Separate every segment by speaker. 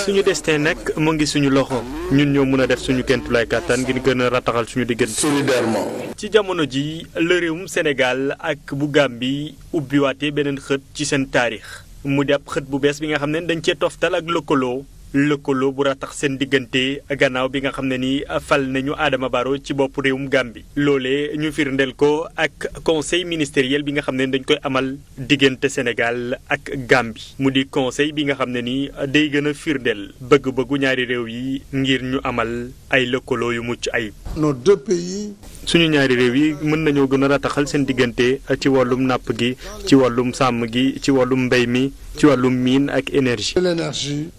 Speaker 1: suñu destin nag mu ngi suñu loxo ñun ñoo mën a def suñu kentulaay kàttan ngir gën a rataxal suñu diggante. solidairement. ci jamono ji la réewum Sénégal ak bu bi Gàmbi ubbiwaatee beneen xët ci seen taarix mu di ab xët bu bees bi nga xam ne dañ cee toftal ak lëkkaloo. lëkkaloo bu ratax seen diggante gannaaw bi nga xam ne ni fal ñu aadama Barrow ci bopp réewum bi loolee ñu firndeel ko ak conseil ministériel bi nga xam ne ni dañ koy amal diggante Sénégal ak Gambie mu di conseil bi nga xam ne ni day gën a firndeel bëgg-bëggu ñaari réew yi ngir ñu amal ay lëkkaloo yu mucc ayib. nos deux suñu ñaari réew yi mën nañoo gën a rataxal seen diggante ci wàllum napp gi ci wàllum sàmm gi ci wàllum mbay mi ci wàllum miin ak énergie.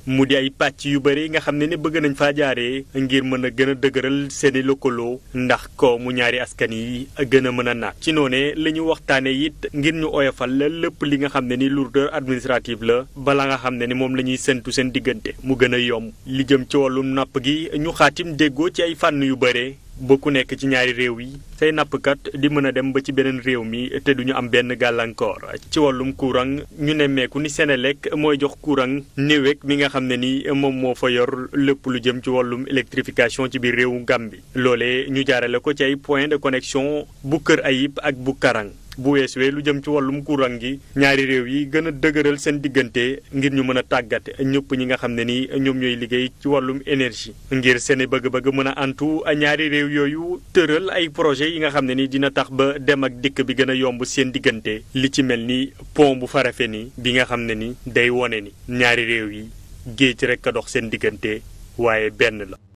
Speaker 1: mu di ay pàcc yu bëri nga xam ne ne bëgg nañ faa jaaree ngir mën a gën a dëgëral seen i lëkkaloo ndax ko mu ñaari askan yi a gën a mën a naat. ci noonu la ñu waxtaanee it ngir ñu oyofal la lépp li nga xam ne ni lourdeur administrative la bala nga xam ne ni moom la ñuy séntu seen diggante mu gën a yomb li jëm ci wàllu napp gi ñu xaatim ci ay fànn yu bëre ba ku nekk ci ñaari réew yi say nappkat di mën a dem ba ci beneen réew mi te du ñu am benn gàllankoor ci wàllum courant ñu nemmeeku ni Senelec mooy jox courant Newek mi nga xam ne ni moom moo fa yor lépp lu jëm ci wàllum électrification ci biir réewu bi loole ñu jaarale ko ci ay point de connexion bu Kër Ayib ak bu Karang bu wees wee lu jëm ci wàllum courant gi ñaari réew yi gën a dëgëral seen diggante ngir ñu mën a tàggat ñëpp ñi nga xam ne ni ñoom ñooy liggéey ci wàllum énergie ngir seen i bëgg-bëgg mën a antu ñaari réew yooyu tëral ay projet yi nga xam ne ni dina tax ba dem ak dikk bi gën a yomb seen diggante li ci mel ni pont bu fa rafe Farafeñi bi nga xam ne ni day wone ni ñaari réew yi géej rekk a dox seen diggante waaye benn la